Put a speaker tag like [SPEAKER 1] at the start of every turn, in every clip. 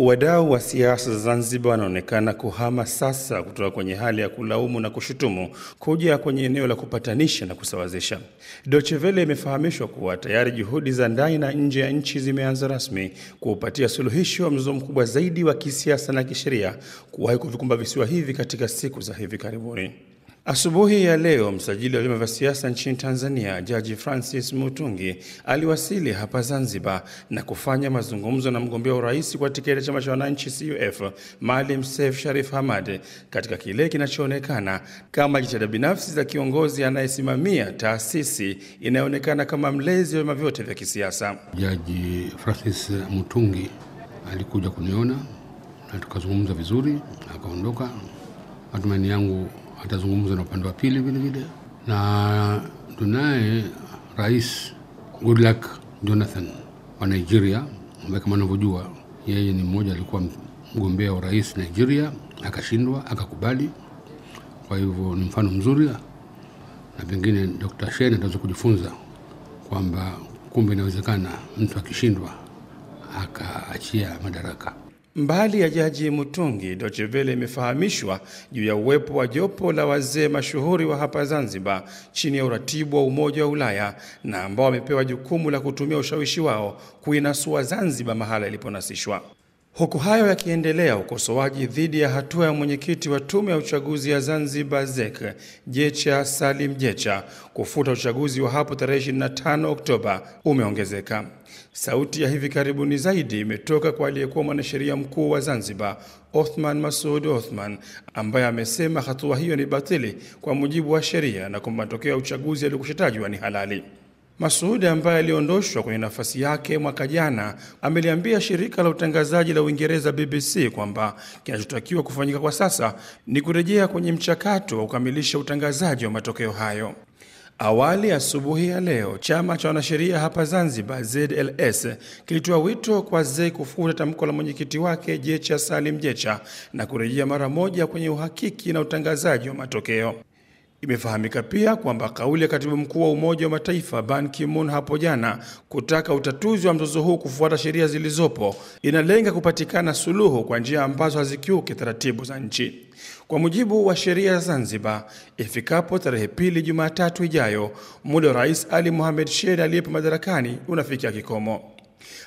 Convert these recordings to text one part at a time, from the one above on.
[SPEAKER 1] Wadau wa siasa za Zanzibar wanaonekana kuhama sasa kutoka kwenye hali ya kulaumu na kushutumu kuja kwenye eneo la kupatanisha na kusawazisha. Deutsche Welle imefahamishwa kuwa tayari juhudi za ndani na nje ya nchi zimeanza rasmi kuupatia suluhisho wa mzozo mkubwa zaidi wa kisiasa na kisheria kuwahi kuvikumba visiwa hivi katika siku za hivi karibuni. Asubuhi ya leo msajili wa vyama vya siasa nchini Tanzania, Jaji Francis Mutungi aliwasili hapa Zanzibar na kufanya mazungumzo na mgombea wa urais kwa tiketi ya chama cha wananchi CUF, Maalim Seif Sharif Hamad, katika kile kinachoonekana kama jitihada binafsi za kiongozi anayesimamia taasisi inayoonekana kama mlezi wa vyama vyote vya kisiasa.
[SPEAKER 2] Jaji Francis Mutungi alikuja kuniona na tukazungumza vizuri, akaondoka. Matumaini yangu atazungumza na upande wa pili vile vile, na tunaye Rais Goodluck Jonathan wa Nigeria, ambaye kama anavyojua yeye ni mmoja alikuwa mgombea wa rais Nigeria, akashindwa akakubali. Kwa hivyo ni mfano mzuri, na pengine Dr. Shein ataweza kujifunza kwamba kumbe inawezekana mtu akishindwa akaachia madaraka.
[SPEAKER 1] Mbali ya Jaji Mutungi, Deutsche Welle imefahamishwa juu ya uwepo wa jopo la wazee mashuhuri wa hapa Zanzibar chini ya uratibu wa Umoja wa Ulaya na ambao wamepewa jukumu la kutumia ushawishi wao kuinasua Zanzibar mahala iliponasishwa. Huku hayo yakiendelea, ukosoaji dhidi ya hatua ya mwenyekiti wa tume ya uchaguzi ya Zanzibar ZEC Jecha Salim Jecha kufuta uchaguzi wa hapo tarehe 25 Oktoba umeongezeka. Sauti ya hivi karibuni zaidi imetoka kwa aliyekuwa mwanasheria mkuu wa Zanzibar Othman Masud Othman ambaye amesema hatua hiyo ni batili kwa mujibu wa sheria na kwamba matokeo ya uchaguzi yaliyokushatajwa ni halali. Masudi ambaye aliondoshwa kwenye nafasi yake mwaka jana ameliambia shirika la utangazaji la Uingereza BBC kwamba kinachotakiwa kufanyika kwa sasa ni kurejea kwenye mchakato wa kukamilisha utangazaji wa matokeo hayo. Awali asubuhi ya leo, chama cha wanasheria hapa Zanzibar ZLS kilitoa wito kwa zei kufuta tamko la mwenyekiti wake Jecha Salim Jecha na kurejea mara moja kwenye uhakiki na utangazaji wa matokeo. Imefahamika pia kwamba kauli ya katibu mkuu wa Umoja wa Mataifa Ban Ki-moon hapo jana kutaka utatuzi wa mzozo huu kufuata sheria zilizopo inalenga kupatikana suluhu kwa njia ambazo hazikiuki taratibu za nchi. Kwa mujibu wa sheria ya Zanzibar, ifikapo tarehe pili Jumatatu ijayo, muda wa Rais Ali Mohamed Shein aliyepo madarakani unafikia kikomo.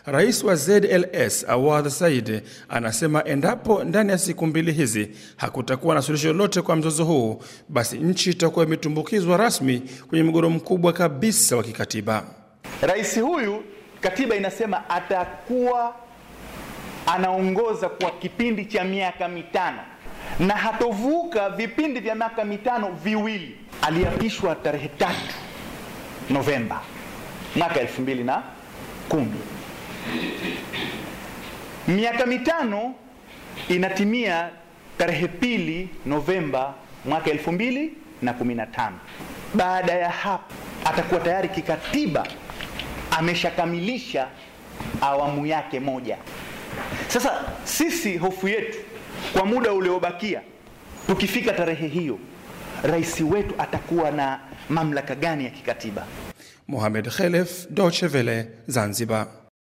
[SPEAKER 1] Rais wa ZLS Awadh Said anasema endapo ndani ya siku mbili hizi hakutakuwa na suluhisho lolote kwa mzozo huu, basi nchi itakuwa imetumbukizwa rasmi kwenye mgogoro mkubwa kabisa wa kikatiba.
[SPEAKER 3] Rais huyu katiba inasema atakuwa anaongoza kwa kipindi cha miaka mitano na hatovuka vipindi vya miaka mitano viwili. Aliapishwa tarehe tatu Novemba mwaka elfu mbili na kumi. Miaka mitano inatimia tarehe pili Novemba mwaka elfu mbili na kumi na tano. Baada ya hapo atakuwa tayari kikatiba ameshakamilisha awamu yake moja. Sasa sisi hofu yetu kwa muda uliobakia, tukifika tarehe hiyo, rais wetu atakuwa na mamlaka gani ya kikatiba?
[SPEAKER 1] Mohamed Khelef, dochevele Zanzibar.